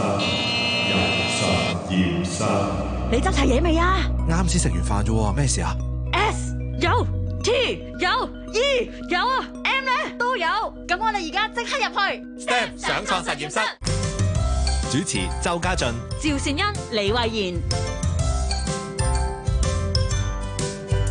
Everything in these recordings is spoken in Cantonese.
實實你執齊嘢未啊？啱先食完飯啫，咩事啊？S 有，T 有，E 有啊，M 呢都有，咁我哋而家即刻入去。Step, Step 上創實驗室，Step 上創實驗室，主持周家俊、趙善恩、李慧賢，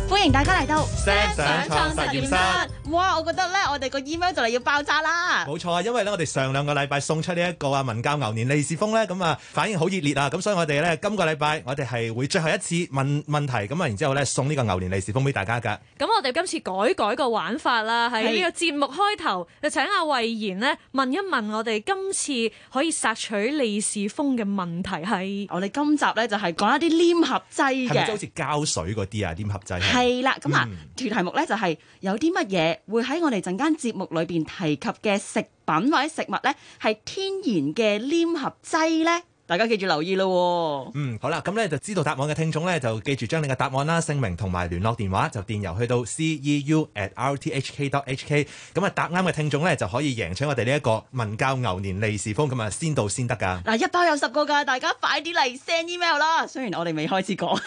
歡迎大家嚟到。Step 上創實驗室。哇！我覺得咧，我哋個 email 就嚟要爆炸啦！冇錯啊，因為咧，我哋上兩個禮拜送出呢一個啊，文教牛年利是封咧，咁啊反應好熱烈啊！咁所以我哋咧今個禮拜，我哋係會最後一次問問題，咁啊然之後咧送呢個牛年利是封俾大家㗎。咁我哋今次改改個玩法啦，喺呢個節目開頭就是請阿慧妍呢問一問我哋今次可以索取利是封嘅問題係。我哋今集咧就係、是、講一啲黏合劑嘅，即好似膠水嗰啲啊，黏合劑係。係啦，咁啊條、嗯、題目咧就係有啲乜嘢？會喺我哋陣間節目裏邊提及嘅食品或者食物咧，係天然嘅黏合劑咧。大家記住留意咯、哦，嗯，好啦，咁、嗯、咧就知道答案嘅聽眾咧，就記住將你嘅答案啦、姓名同埋聯絡電話，就電郵去到 ceu at rthk dot hk，咁、嗯、啊答啱嘅聽眾咧就可以贏取我哋呢一個文教牛年利是封，咁啊先到先得㗎。嗱，一包有十個㗎，大家快啲嚟 send email 啦。雖然我哋未開始講，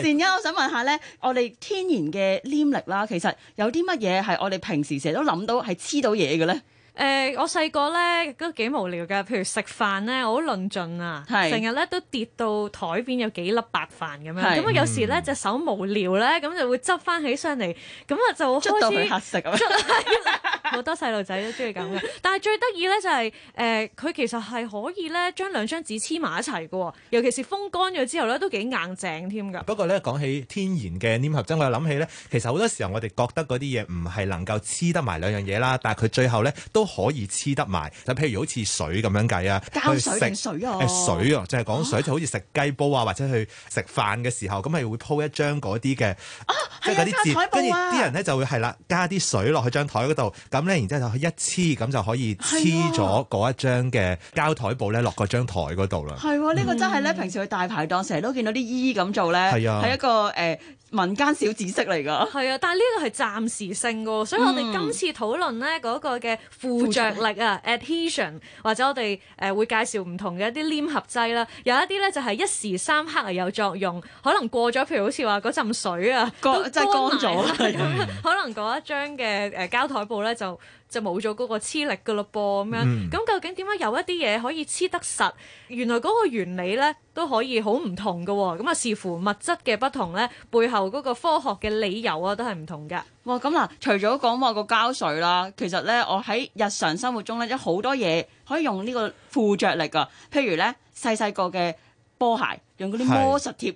先而家我想問下咧， 我哋天然嘅黏力啦，其實有啲乜嘢係我哋平時成日都諗到係黐到嘢嘅咧？誒、欸，我細個咧，都幾無聊㗎。譬如食飯咧，我好論盡啊，成日咧都跌到枱邊有幾粒白飯咁樣。咁啊是，有時咧隻手無聊咧，咁就會執翻起上嚟，咁啊就開始執好 多細路仔都中意咁嘅。但係最得意咧就係，誒、呃，佢其實係可以咧將兩張紙黐埋一齊㗎。尤其是風乾咗之後咧，都幾硬淨添㗎。不過咧講起天然嘅黏合劑，我又諗起咧，其實好多時候我哋覺得嗰啲嘢唔係能夠黐得埋兩樣嘢啦，但係佢最後咧都。可以黐得埋就譬如好似水咁樣計啊，膠水啊，水啊，就係講水就好似食雞煲啊，或者去食飯嘅時候咁係會鋪一張嗰啲嘅，即係嗰啲，跟住啲人咧就會係啦，加啲水落去張台嗰度，咁咧然之後就一黐咁就可以黐咗嗰一張嘅膠台布咧落嗰張台嗰度啦。係喎，呢個真係咧平時去大排檔成日都見到啲姨咁做咧，係一個誒民間小知識嚟㗎。係啊，但係呢個係暫時性嘅，所以我哋今次討論咧嗰個嘅附。附着力啊 ，adhesion 或者我哋誒會介紹唔同嘅一啲黏合劑啦，有一啲咧就係一時三刻係有作用，可能過咗，譬如好似話嗰陣水啊，乾即係乾咗啦， 可能嗰一張嘅誒膠台布咧就。就冇咗嗰個黐力㗎咯噃，咁樣，咁究竟點解有一啲嘢可以黐得實？原來嗰個原理呢都可以好唔同嘅喎、哦，咁啊視乎物質嘅不同呢，背後嗰個科學嘅理由啊都係唔同嘅。咁嗱，除咗講話個膠水啦，其實呢，我喺日常生活中呢，有好多嘢可以用呢個附着力㗎，譬如呢，細細個嘅波鞋用嗰啲魔術貼，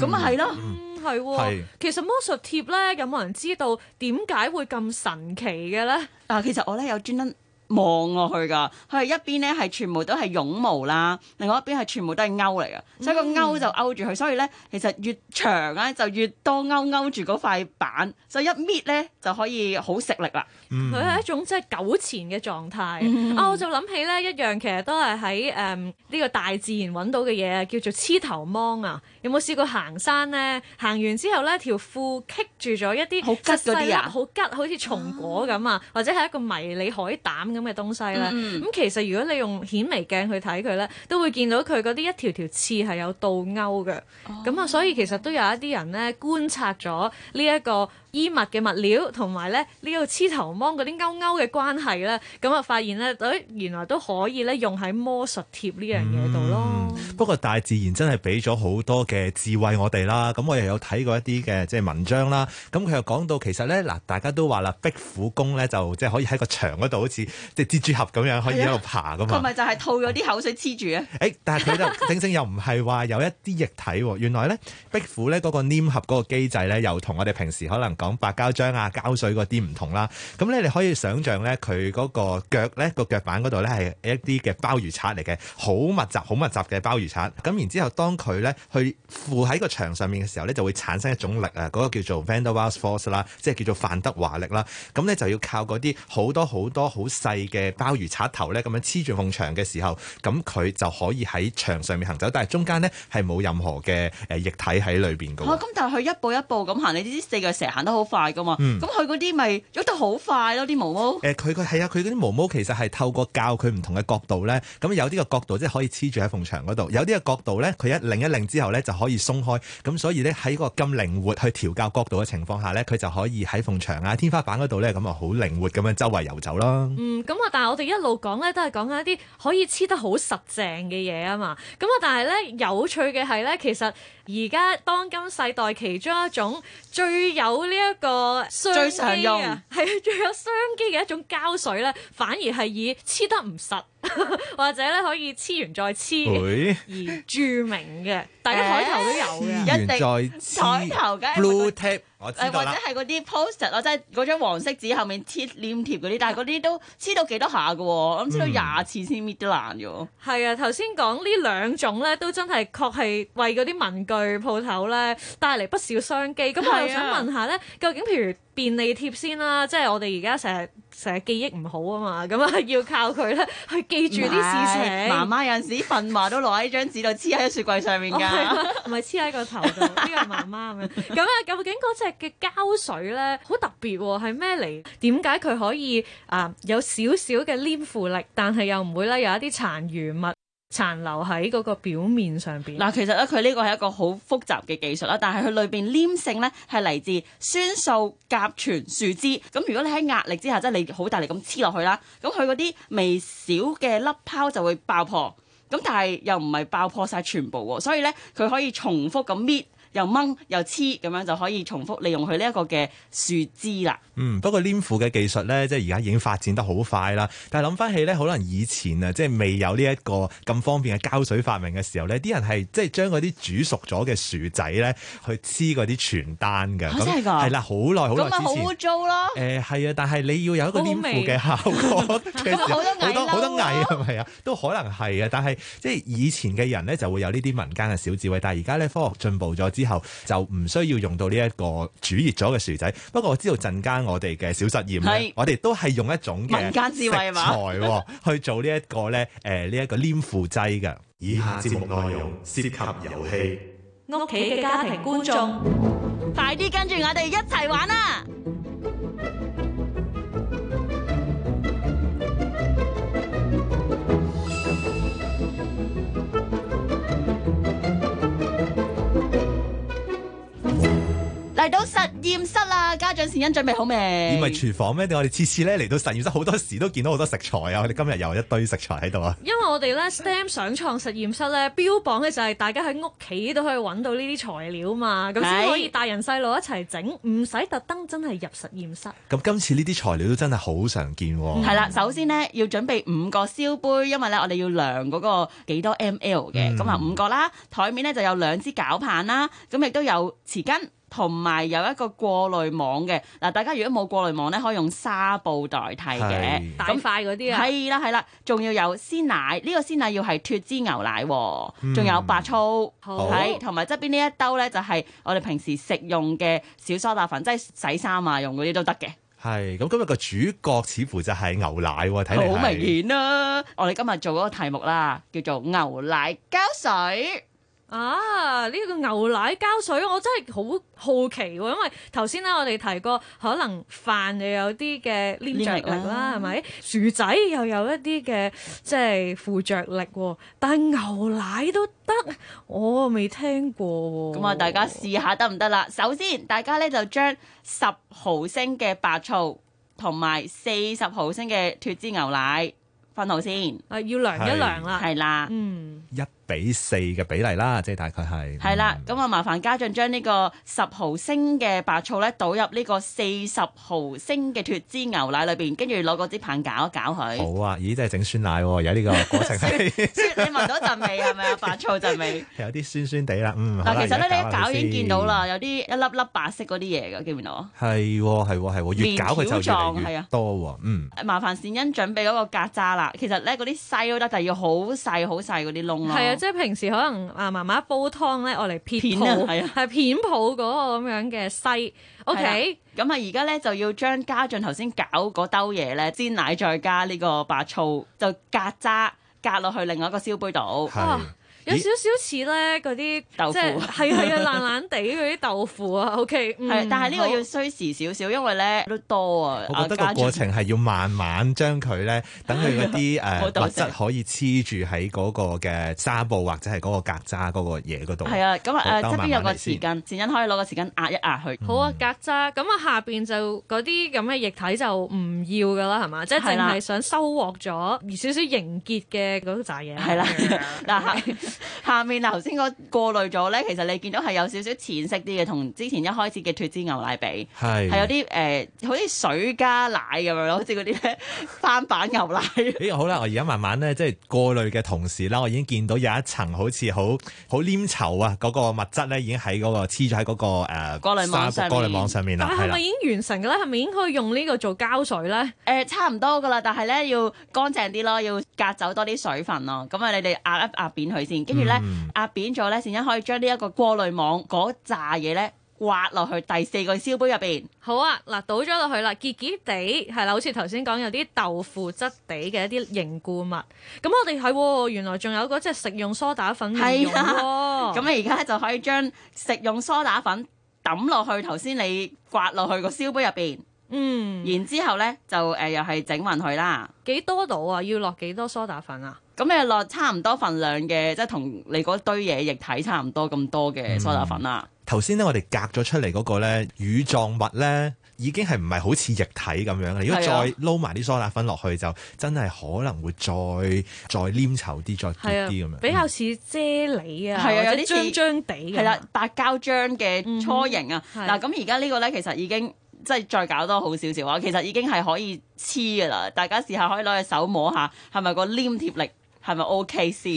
咁啊係咯。嗯係，其實魔術貼咧有冇人知道點解會咁神奇嘅咧？啊，其實我咧有專登望落去㗎，佢係一邊咧係全部都係絨毛啦，另外一邊係全部都係勾嚟嘅，所以個勾就勾住佢，所以咧其實越長咧就越多勾。勾住嗰塊板，所以一搣咧就可以好食力啦。佢係、嗯、一種即係糾纏嘅狀態、嗯、啊！我就諗起呢一樣，其實都係喺誒呢個大自然揾到嘅嘢，叫做黐頭芒啊！有冇試過行山呢？行完之後呢，條褲棘住咗一啲好吉嗰啲啊！好吉，好似松果咁啊，啊或者係一個迷你海膽咁嘅東西呢。咁其實如果你用顯微鏡去睇佢呢，都會見到佢嗰啲一條條刺係有倒勾嘅。咁啊、哦，所以其實都有一啲人呢，觀察咗呢一個嗯衣物嘅物料同埋咧呢個黐頭芒嗰啲勾勾嘅關係咧，咁啊發現咧，原來都可以咧用喺魔術貼呢樣嘢度咯、嗯。不過大自然真係俾咗好多嘅智慧我哋啦。咁我又有睇過一啲嘅即係文章啦。咁佢又講到其實咧嗱，大家都話啦，壁虎功咧就即係可以喺個牆嗰度好似即係蜘蛛俠咁樣可以喺度爬噶嘛。佢咪就係吐咗啲口水黐住啊？誒、 欸，但係佢就正正又唔係話有一啲液體。原來咧，壁虎咧嗰個黏合嗰個機制咧，又同我哋平時可能講白膠漿啊、膠水嗰啲唔同啦，咁咧你可以想像咧佢嗰個腳咧，個腳板嗰度咧係一啲嘅鮑魚刷嚟嘅，好密集、好密集嘅鮑魚刷。咁然之後當呢，當佢咧去附喺個牆上面嘅時候咧，就會產生一種力啊，嗰、嗰個叫做 Van der Waals force 啦，oss, 即係叫做范德華力啦。咁咧就要靠嗰啲好多好多好細嘅鮑魚刷頭咧，咁樣黐住埲牆嘅時候，咁佢就可以喺牆上面行走。但係中間咧係冇任何嘅誒液體喺裏邊嘅。咁但係佢一步一步咁行，你呢啲四腳蛇行好快噶嘛，咁佢嗰啲咪喐得好快咯，啲毛毛。誒，佢佢係啊，佢嗰啲毛毛其實係透過教佢唔同嘅角度咧，咁有啲個角度即係可以黐住喺埲牆嗰度，有啲個角度咧，佢一擰一擰之後咧就可以鬆開，咁所以咧喺個咁靈活去調教角度嘅情況下咧，佢就可以喺埲牆啊、天花板嗰度咧咁啊好靈活咁樣周圍遊走咯。嗯，咁啊，但係我哋一路講咧都係講緊一啲可以黐得好實淨嘅嘢啊嘛，咁啊，但係咧有趣嘅係咧，其實。而家當今世代其中一種最有呢一個商機啊，係最， 最有商機嘅一種膠水咧，反而係以黐得唔實。 或者咧可以黐完再黐，會而著名嘅，大家海頭都有嘅，一定彩頭嘅，係 blue tape 或者係嗰啲 poster 啊，即係嗰張黃色紙後面貼黏貼嗰啲，但係嗰啲都黐到幾多下嘅，我黐到廿次先搣得爛嘅。係啊，頭先講呢兩種咧，都真係確係為嗰啲文具鋪頭咧帶嚟不少商機。咁我又想問下咧，究竟譬如便利貼先啦，即係我哋而家成日。成日記憶唔好啊嘛，咁啊要靠佢咧去記住啲事情。媽媽有陣時瞓話都攞喺張紙度黐喺雪櫃上面㗎，唔係黐喺個頭度，呢個係媽媽咁樣。咁啊，究竟嗰隻嘅膠水咧好特別喎、啊，係咩嚟？點解佢可以啊、呃、有少少嘅黏附力，但係又唔會咧有一啲殘餘物？殘留喺嗰個表面上邊嗱，其實咧佢呢個係一個好複雜嘅技術啦，但係佢裏邊黏性呢，係嚟自酸素甲醛樹脂。咁如果你喺壓力之下，即係你好大力咁黐落去啦，咁佢嗰啲微小嘅粒泡就會爆破，咁但係又唔係爆破晒全部，所以呢，佢可以重複咁搣。又掹又黐咁樣就可以重複利用佢呢一個嘅樹枝啦。嗯，不過黏附嘅技術咧，即係而家已經發展得好快啦。但係諗翻起咧，可能以前啊，即係未有呢一個咁方便嘅膠水發明嘅時候咧，啲人係即係將嗰啲煮熟咗嘅薯仔咧，去黐嗰啲傳單㗎。真係㗎。係啦，好耐好耐前。咁咪好污糟咯。誒、呃，係啊，但係你要有一個黏附嘅效果。其咁好美 多蟻係咪啊？ 都可能係啊，但係即係以前嘅人咧就會有呢啲民間嘅小智慧，但係而家咧科學進步咗。之後就唔需要用到呢一個煮熱咗嘅薯仔，不過我知道陣間我哋嘅小實驗咧，是我哋都係用一種材，民間智慧嘛，材 去做呢、這、一個咧，誒呢一個黏附劑嘅。以下節目內容涉及遊戲，屋企嘅家庭觀眾，快啲跟住我哋一齊玩啊！嚟到實驗室啦！家長善恩準備好未？唔係廚房咩？我哋次次咧嚟到實驗室，好多時都見到好多食材啊！我哋今日又有一堆食材喺度啊！ 因為我哋咧 STEM 上創實驗室咧標榜嘅就係大家喺屋企都可以揾到呢啲材料嘛，咁先是可以大人細路一齊整，唔使特登真係入實驗室。咁今次呢啲材料都真係好常見，啊。係、嗯、啦，首先呢，要準備五個燒杯，因為咧我哋要量嗰個幾多 mL 嘅，咁啊、嗯、五個啦。台面呢就有兩支攪棒啦，咁亦都有匙羹。同埋有一個過濾網嘅嗱，大家如果冇過濾網呢，可以用紗布代替嘅，大是那塊嗰啲啊，係啦係啦，仲要有鮮奶，呢個鮮奶要係脱脂牛奶。仲、嗯、有白醋，係同埋側邊呢一兜呢，就係我哋平時食用嘅小梳打粉，即係洗衫啊用嗰啲都得嘅。係咁，今日個主角似乎就係牛奶喎，睇嚟好明顯啦、啊。我哋今日做嗰個題目啦，叫做牛奶膠水。啊！呢、這個牛奶膠水我真係好好奇喎，因為頭先咧我哋提過，可能飯又有啲嘅黏着力啦，係咪？薯吧仔又有一啲嘅即係附着力，但係牛奶都得，我未聽過。咁啊、嗯，大家試下得唔得啦？首先，大家呢，就將十毫升嘅白醋同埋四十毫升嘅脱脂牛奶分好先。啊，要量一量是啦。係啦。嗯。比四嘅比例啦，即係大概係。係啦、嗯，咁啊，麻煩家俊將呢個十毫升嘅白醋咧倒入呢個四十毫升嘅脱脂牛奶裏邊，跟住攞嗰支棒攪一攪佢。搞好啊，咦，真係整酸奶喎、啊，而家呢個過程。酸， 你聞到陣味係咪啊？白醋陣味。有啲酸酸地啦，嗯。但其實咧，你一攪已經見到啦， 有啲一,一粒粒白色嗰啲嘢嘅，見唔到啊？係、啊，係，係，越攪佢就越，越啊，多、啊，嗯。麻煩善恩準備嗰個格渣啦，啊嗯、其實咧嗰啲細都得細，但係要好細好細嗰啲窿咯。啊即係平時可能啊，媽媽煲湯咧，我嚟撇泡，係撇泡嗰個咁樣嘅西，OK。咁啊，而家咧就要將家俊頭先搞嗰兜嘢咧，煎奶再加呢個白醋，就隔渣隔落去另外一個燒杯度。是 oh. 有少少似咧嗰啲豆腐，係啊係啊，爛爛地嗰啲豆腐啊。O K，係，但係呢個要需時少少，因為咧都多啊。我覺得個過程係要慢慢將佢咧，等佢嗰啲誒物質可以黐住喺嗰個嘅紗布或者係嗰個隔渣嗰個嘢嗰度。係啊，咁啊誒側邊有個匙羹，前因可以攞個匙羹壓一壓佢。好啊，隔渣，咁啊下邊就嗰啲咁嘅液體就唔要㗎啦，係嘛？即係淨係想收穫咗而少少凝結嘅嗰扎嘢。係啦，但係。下面頭先個過濾咗咧，其實你見到係有少少淺色啲嘅，同之前一開始嘅脫脂牛奶比係係是有啲誒、呃，好似水加奶咁樣咯，好似嗰啲咩翻版牛奶。欸、好啦，我而家慢慢咧，即係過濾嘅同時啦，我已經見到有一層好似好好黏稠啊，嗰個物質咧已經喺嗰、嗰個黐咗喺嗰個誒、呃、過濾網上面啦。面但係咪已經完成嘅咧？係咪已經可以用呢個做膠水咧？誒、呃、差唔多噶啦，但係咧要乾淨啲咯，要隔走多啲水分咯。咁啊，你哋壓一壓扁佢先。跟住咧壓扁咗咧，先可以將呢一個過濾網嗰扎嘢咧刮落去第四個燒杯入邊。好啊，嗱倒咗落去啦，結結地係啦，好似頭先講有啲豆腐質地嘅一啲凝固物。咁我哋係、啊、原來仲有嗰隻食用梳打粉嚟用啦。咁你而家就可以將食用梳打粉抌落去頭先你刮落去個燒杯入邊。嗯、mm，hmm. 然之後咧就誒、呃、又係整勻佢啦。幾多度啊？要落幾多梳打粉啊？咁你落差唔多份量嘅，即係同你嗰堆嘢液體差唔多咁多嘅梳打粉啦。頭先呢，我哋隔咗出嚟嗰、那個呢乳狀物呢，已經係唔係好似液體咁樣？如果再撈埋啲梳打粉落去，啊、就真係可能會再再黏稠啲，再黏啲咁、啊、樣。比較似啫喱啊，係啊，像有啲張張地，係啦、啊，白膠漿嘅初型啊。嗱、嗯，咁而家呢個呢，其實已經即係再搞多好少少啊。其實已經係可以黐噶啦。大家試下可以攞隻手摸下，係咪個黏貼力？係咪 OK 先？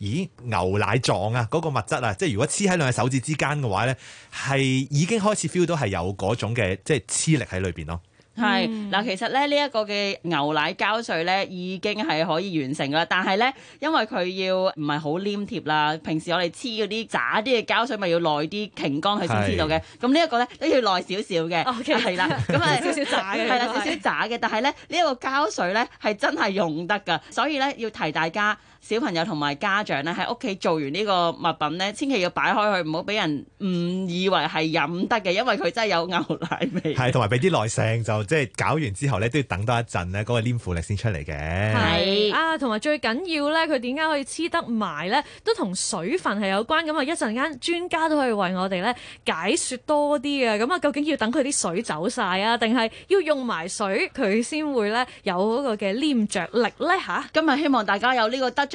咦，牛奶狀啊，嗰、嗰個物質啊，即係如果黐喺兩隻手指之間嘅話咧，係已經開始 feel 到係有嗰種嘅即係黐力喺裏邊咯。係嗱，嗯、其實咧呢一個嘅牛奶膠水咧已經係可以完成㗎啦，但係咧因為佢要唔係好黏貼啦，平時我哋黐嗰啲渣啲嘅膠水咪要耐啲，瓊乾佢先黐到嘅，咁呢一個咧都要耐少少嘅，係啦，咁係少少渣嘅，係啦，少少渣嘅，但係咧呢一個膠水咧係真係用得㗎，所以咧要提大家。小朋友同埋家長咧喺屋企做完呢個物品咧，千祈要擺開佢，唔好俾人誤以為係飲得嘅，因為佢真係有牛奶味。係， 同埋俾啲耐性，就即係、就是、搞完之後咧都要等多一陣咧，嗰、那個黏附力先出嚟嘅。係是啊，同埋最緊要呢，佢點解可以黐得埋呢？都同水分係有關。咁啊，一陣間專家都可以為我哋呢解說多啲啊。咁、嗯、啊，究竟要等佢啲水走晒啊，定係要用埋水佢先會呢有嗰個嘅黏着力呢？吓？咁啊，希望大家有呢個得。呢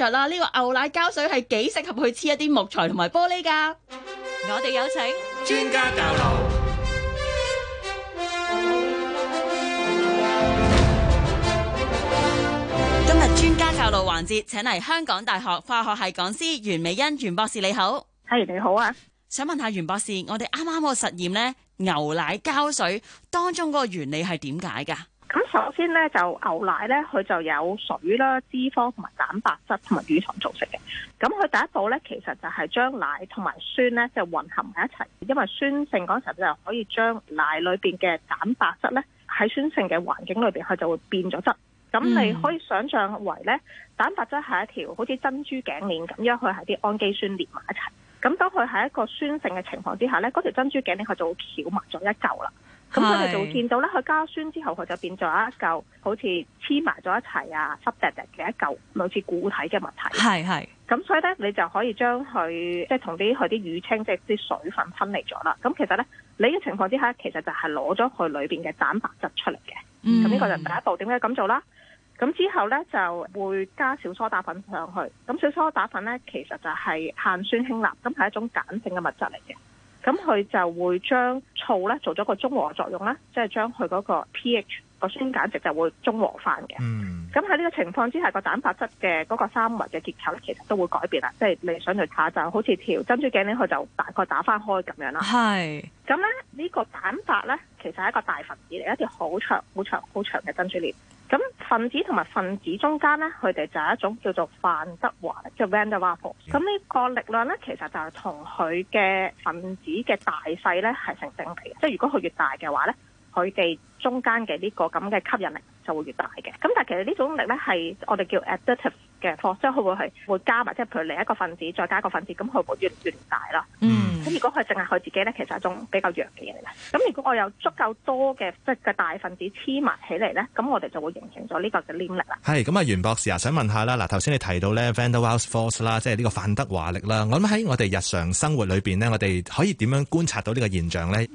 個牛奶膠水係幾適合去黐一啲木材同埋玻璃噶？我哋有請專家教路。今日專家教路環節，請嚟香港大學化學系講師袁美恩。袁博士你好，係你好啊！想問下袁博士，我哋啱啱個實驗呢，牛奶膠水當中個原理係點解噶？咁首先咧就牛奶咧，佢就有水啦、脂肪同埋蛋白質同埋乳糖組成嘅。咁佢第一步咧，其實就係將奶同埋酸咧，就混合埋一齊。因為酸性嗰時，就可以將奶裏邊嘅蛋白質咧，喺酸性嘅環境裏邊，佢就會變咗質。咁你可以想象為咧，蛋白質係一條好似珍珠頸鏈咁，因為佢係啲氨基酸連埋一齊。咁當佢係一個酸性嘅情況之下咧，嗰條珍珠頸鏈佢就會翹埋咗一嚿啦。咁佢哋就見到咧，佢加酸之後，佢就變咗一嚿好似黐埋咗一齊啊、濕滴滴嘅一嚿，好似固體嘅物體。係係。咁所以咧，你就可以將佢即係同啲佢啲乳清即係啲水分分，分離咗啦。咁其實咧，你嘅情況之下，其實就係攞咗佢裏邊嘅蛋白質出嚟嘅。咁呢、嗯、個就第一步。點解要咁做啦。咁之後咧就會加少梳打粉上去。咁少梳打粉咧，其實就係碳酸氫鈉，咁、就、係、是、一種鹼性嘅物質嚟嘅。咁佢就會將醋咧做咗個中和作用啦，即係將佢嗰個 pH 個酸鹼值就會中和翻嘅。咁喺呢個情況之下，個蛋白質嘅嗰個三維嘅結構咧，其實都會改變啦。即係你想去下就好似條珍珠頸鍊，佢就大概打翻開咁樣啦。係是。咁咧呢、呢個蛋白咧，其實係一個大分子嚟，一條好長、好長、好長嘅珍珠鏈。咁分子同埋分子中間咧，佢哋就係一種叫做范德華力，即係 Van der Waals。咁呢個力量咧，其實就係同佢嘅分子嘅大細咧係成正比嘅。即係如果佢越大嘅話咧，佢哋中間嘅呢個咁嘅吸引力就會越大嘅。咁但係其實呢種力咧係我哋叫 additive 嘅 force，即係佢會係會加埋，即係譬如你一個分子再加一個分子，咁佢會越越大啦。嗯。咁如果佢淨係佢自己咧，其實係一種比較弱嘅嘢嚟嘅。咁如果我有足夠多嘅即係嘅大分子黐埋起嚟咧，咁我哋就會形成咗呢個嘅黏力啦。係，咁啊袁博士啊，想問下啦，嗱，頭先你提到咧 Van der Waals force 啦，即係呢個范德華力啦，我諗喺我哋日常生活裏邊咧，我哋可以點樣觀察到呢個現象咧？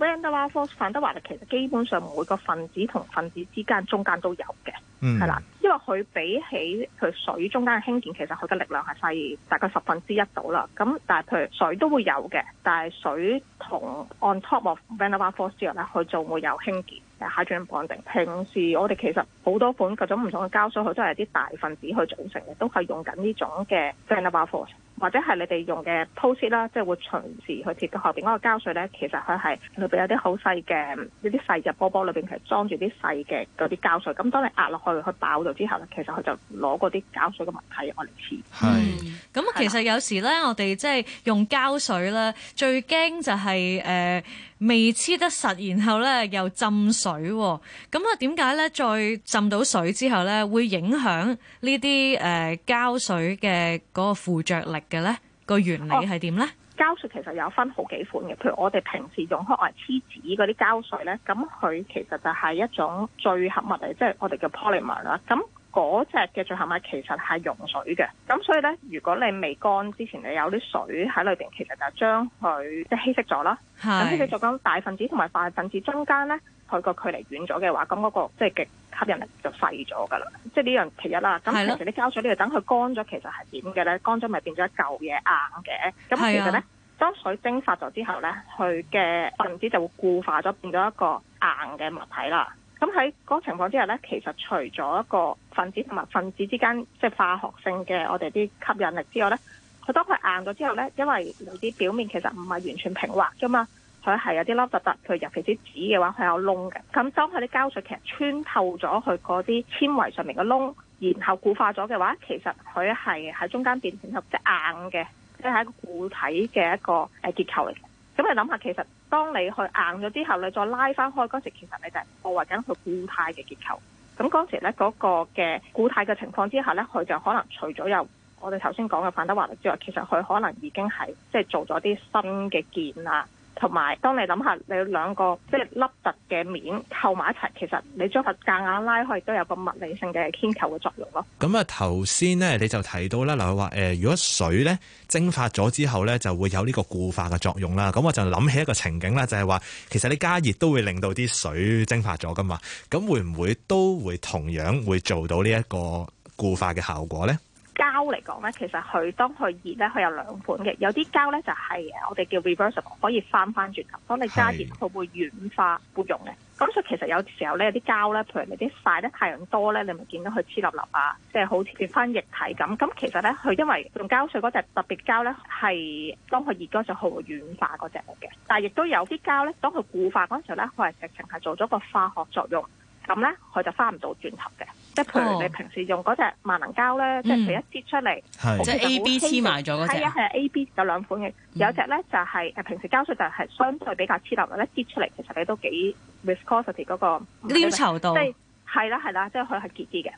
范德華力其實基本上每個分子同分子之間中間都有嘅，係啦、嗯，因為佢比起佢水中間嘅氫鍵，其實佢嘅力量係細，大概十分之一度啦。咁但係譬如水都會有嘅，但係水同 on top of van der Waals force 咧去做會有氫鍵、誒 hydrogen bonding。平時我哋其實好多款各種唔同嘅膠水，佢都係啲大分子去組成嘅，都係用緊呢種嘅 van der Waals。或者係你哋用嘅 post 啦，即係會隨時去貼到後邊嗰個膠水咧。其實佢係裏邊有啲好細嘅一啲細嘅波波，裏邊係裝住啲細嘅嗰啲膠水。咁當你壓落去去爆咗之後咧，其實佢就攞嗰啲膠水嘅物體嚟黐。係。咁其實有時咧，我哋即係用膠水咧，最驚就係誒未黐得實，然後咧又浸水。咁啊，點解咧？再浸到水之後咧，會影響呢啲誒膠水嘅嗰個附着力。嘅咧個原理係點咧？膠水其實有分好幾款嘅，譬如我哋平時用開係黐紙嗰啲膠水咧，咁佢其實就係一種聚合物嚟，即係我哋叫 polymer 啦。咁嗰隻嘅聚合物其實係溶水嘅，咁所以咧，如果你未乾之前你有啲水喺裏邊，其實就將佢即係稀釋咗啦。咁呢就講大分子同埋大分子中間咧。佢個距離遠咗嘅話，咁嗰個即係極吸引力就廢咗噶啦，即係呢樣其一啦。咁其實啲膠水個呢，等佢乾咗，其實係點嘅咧？乾咗咪變咗一嚿嘢硬嘅。咁其實咧，將水蒸發咗之後咧，佢嘅分子就會固化咗，變咗一個硬嘅物體啦。咁喺嗰個情況之下咧，其實除咗一個分子同埋分子之間即係、就是、化學性嘅我哋啲吸引力之外咧，佢當佢硬咗之後咧，因為有啲表面其實唔係完全平滑噶嘛。佢係有啲凹凸凸，佢尤其啲紙嘅話，佢有窿嘅。咁當佢啲膠水其實穿透咗佢嗰啲纖維上面嘅窿，然後固化咗嘅話，其實佢係喺中間變成咗一隻硬嘅，即係一個固體嘅一個誒結構嚟嘅。咁你諗下，其實當你去硬咗之後，你再拉翻開嗰時，其實你就係破壞緊佢固態嘅結構。咁嗰時咧，嗰個嘅固態嘅情況之下咧，佢就可能除咗有我哋頭先講嘅范德華力之外，其實佢可能已經係即係做咗啲新嘅鍵啦。同埋，當你諗下你兩個即係凹凸嘅面扣埋一齊，其實你將佢夾硬拉開，都有個物理性嘅牽扣嘅作用咯。咁啊，頭先咧你就提到啦。例如話誒，如果水咧蒸發咗之後咧，就會有呢個固化嘅作用啦。咁我就諗起一個情景咧，就係話其實你加熱都會令到啲水蒸發咗噶嘛，咁會唔會都會同樣會做到呢一個固化嘅效果咧？膠嚟講咧，其實佢當佢熱咧，佢有兩款嘅。有啲膠咧就係，我哋叫 reversible 可以翻翻轉頭。當你加熱，佢會軟化，會溶嘅。咁所以其實有時候咧，有啲膠咧，譬如你啲曬得太陽多咧，你咪見到佢黐立立啊，即係好似變翻液體咁。咁其實咧，佢因為用膠水嗰隻特別膠咧，係當佢熱嗰陣好軟化嗰隻嚟嘅。但係亦都有啲膠咧，當佢固化嗰陣時候咧，佢係直情係做咗個化學作用。咁咧，佢就翻唔到轉頭嘅。即係譬如你平時用嗰隻萬能膠咧，即係佢一擠出嚟，即係 A B 黐埋咗嗰隻。係啊，係 A B 有兩款嘅，有隻咧就係誒平時膠水就係相對比較黐立嘅，一擠出嚟其實你都幾 responsive 嗰個黏稠度。即係係啦係啦，即係佢係結啲嘅。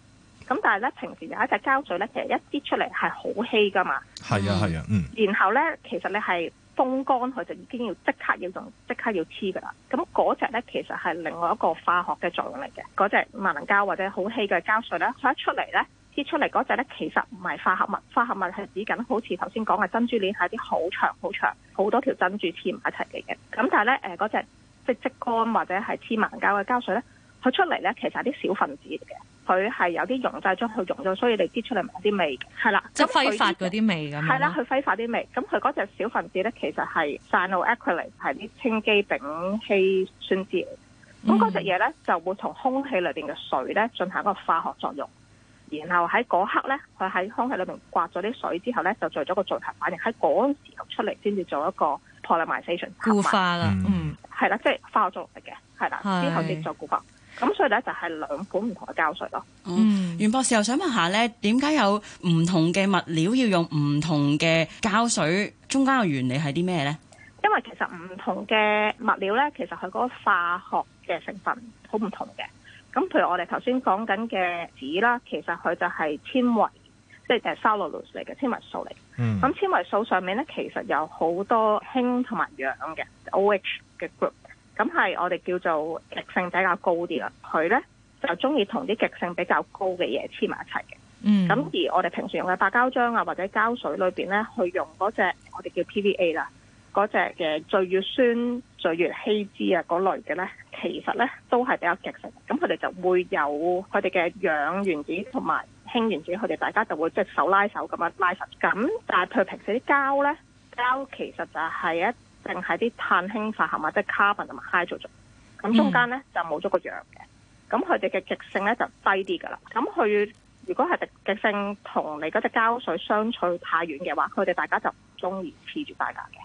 咁但係咧，平時有一隻膠水咧，其實一擠出嚟係好稀噶嘛。係啊係啊，嗯。然後咧，其實你係。風乾佢就已經要即刻要用，即刻要黐噶啦，咁嗰隻呢，其實係另外一個化學嘅作用嚟嘅，嗰隻萬能膠或者好稀嘅膠水呢，佢一出嚟呢，黐出嚟嗰隻呢，其實唔係化合物，化合物係指緊好似頭先講嘅珍珠鏈係啲好長好長好多條珍珠黐埋一齊嚟嘅，咁但係呢，誒嗰隻即係即乾或者係黐萬能膠嘅膠水呢，佢出嚟呢，其實係啲小分子嚟嘅。佢係有啲溶劑將佢溶咗，所以你啲出嚟啲味嘅。係啦，即係揮發嗰啲味咁。係啦，佢揮發啲味。咁佢嗰隻小分子咧，其實係 cyanoacrylate，係啲氰基丙烯酸酯。咁嗰隻嘢咧就會同空氣裏邊嘅水咧進行一個化學作用，然後喺嗰刻咧，佢喺空氣裏邊刮咗啲水之後咧，就做咗個聚合反應，喺嗰時候出嚟先至做一個 polymerisation 啦。嗯，係啦，即係化學作用嚟嘅，係啦，之後先做固化。咁所以咧就係兩款唔同嘅膠水咯。嗯，袁博士又想問下咧，點解有唔同嘅物料要用唔同嘅膠水？中間嘅原理係啲咩咧？因為其實唔同嘅物料咧，其實佢個化學嘅成分好唔同嘅。咁譬如我哋頭先講緊嘅紙啦，其實佢就係纖維，即係就係、cellulose 嚟嘅纖維素嚟。咁、嗯、纖維素上面咧，其實有好多氫同埋氧嘅 OH 嘅 group。咁係我哋叫做極性比較高啲啦，佢呢就中意同啲極性比較高嘅嘢黐埋一齊嘅。嗯，咁而我哋平常用嘅白膠漿啊，或者膠水裏邊呢，去用嗰隻我哋叫 PVA 啦，嗰隻嘅聚乙酸聚乙烯酯啊嗰類嘅呢，其實呢都係比較極性。咁佢哋就會有佢哋嘅氧原子同埋氫原子，佢哋大家就會即係手拉手咁樣拉實。咁但係佢平時啲膠呢，膠其實就係一。定係啲碳氫化合物，即係 carbon 同埋 hydro，咁中間咧就冇咗個氧嘅。咁佢哋嘅極性咧就低啲㗎啦。咁佢如果係極極性同你嗰隻膠水相處太遠嘅話，佢哋大家就唔中意黐住大家嘅。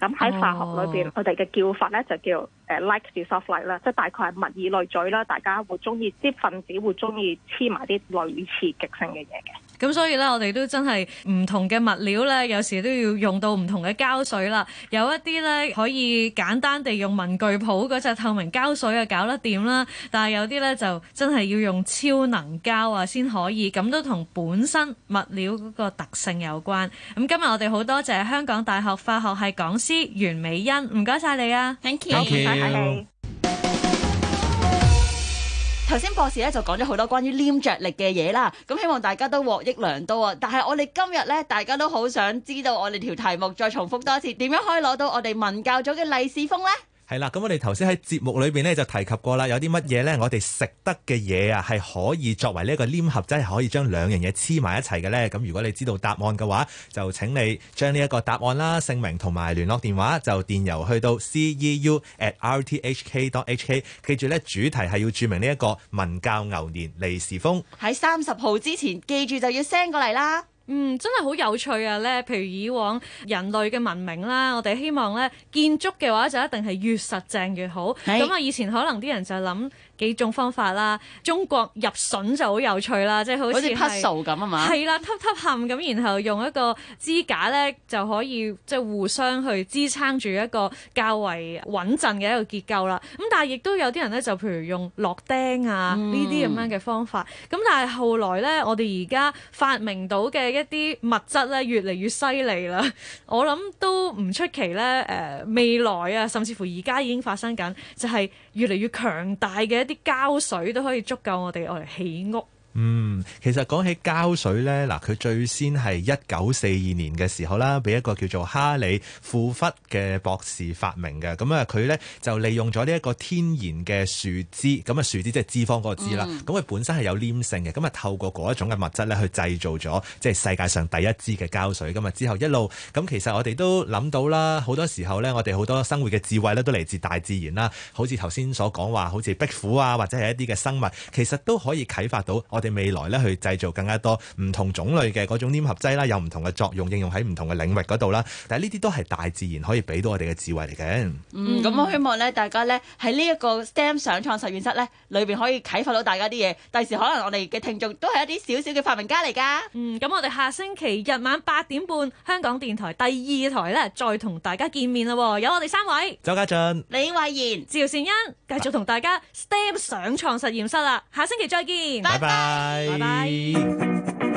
咁喺化學裏邊，佢哋嘅叫法咧就叫誒、uh, like to soft like 啦，即係大概係物以類聚啦，大家會中意啲分子會中意黐埋啲類似極性嘅嘢嘅。咁所以咧，我哋都真係唔同嘅物料咧，有時都要用到唔同嘅膠水啦。有一啲咧可以簡單地用文具鋪嗰隻透明膠水啊，搞得掂啦。但係有啲咧就真係要用超能膠啊，先可以。咁都同本身物料嗰個特性有關。咁今日我哋好多謝香港大學化學系講師袁美恩，唔該晒你啊 Thank you，拜拜。頭先博士咧就講咗好多關於黏着力嘅嘢啦，咁、嗯、希望大家都獲益良多啊、哦！但係我哋今日咧，大家都好想知道我哋條題目，再重複多次，點樣可以攞到我哋文教組嘅利是封咧？係啦，咁我哋頭先喺節目裏邊咧就提及過啦，有啲乜嘢咧？我哋食得嘅嘢啊，係可以作為呢一個黏合劑，係可以將兩樣嘢黐埋一齊嘅咧。咁如果你知道答案嘅話，就請你將呢一個答案啦、姓名同埋聯絡電話就電郵去到 CEU at RTHK dot HK。記住咧，主題係要注明呢一個文教牛年利是風喺三十號之前，記住就要 send 過嚟啦。嗯，真係好有趣啊！呢譬如以往人類嘅文明啦，我哋希望呢建築嘅話就一定係越實淨越好。咁啊是，以前可能啲人就諗，幾種方法啦，中國入榫就好有趣啦，即係好似拼數咁啊嘛，係 啦，揼揼冚咁，然後用一個支架咧就可以即係互相去支撐住一個較為穩陣嘅一個結構啦。咁但係亦都有啲人咧，就譬如用落釘啊呢啲咁樣嘅方法。咁但係後來咧，我哋而家發明到嘅一啲物質咧，越嚟越犀利啦。 我諗都唔出奇咧，誒、呃、未來啊，甚至乎而家已經發生緊就係、是。越嚟越強大嘅一啲膠水都可以足夠我哋愛嚟起屋。嗯，其實講起膠水呢，嗱佢最先係一九四二年嘅時候啦，俾一個叫做哈里庫弗嘅博士發明嘅。咁啊，佢呢，就利用咗呢一個天然嘅樹脂，咁啊樹脂即係脂肪嗰個脂啦。咁佢、嗯、本身係有黏性嘅，咁啊透過嗰一種嘅物質呢，去製造咗即係世界上第一支嘅膠水。咁啊之後一路，咁其實我哋都諗到啦，好多時候呢，我哋好多生活嘅智慧呢，都嚟自大自然啦。好似頭先所講話，好似壁虎啊，或者係一啲嘅生物，其實都可以啟發到我。我哋未來咧去製造更加多唔同種類嘅嗰種黏合劑啦，有唔同嘅作用，應用喺唔同嘅領域嗰度啦。但係呢啲都係大自然可以俾到我哋嘅智慧嚟嘅。嗯，咁我希望咧，大家咧喺呢一個 STEM 上創實驗室咧裏邊可以啟發到大家啲嘢。第時可能我哋嘅聽眾都係一啲小小嘅發明家嚟㗎。嗯，咁我哋下星期日晚八點半香港電台第二台咧，再同大家見面啦。有我哋三位：周家俊、李慧妍、趙善恩，繼續同大家 STEM 上創實驗室啦。下星期再見，拜拜 bye。Bye bye。拜拜。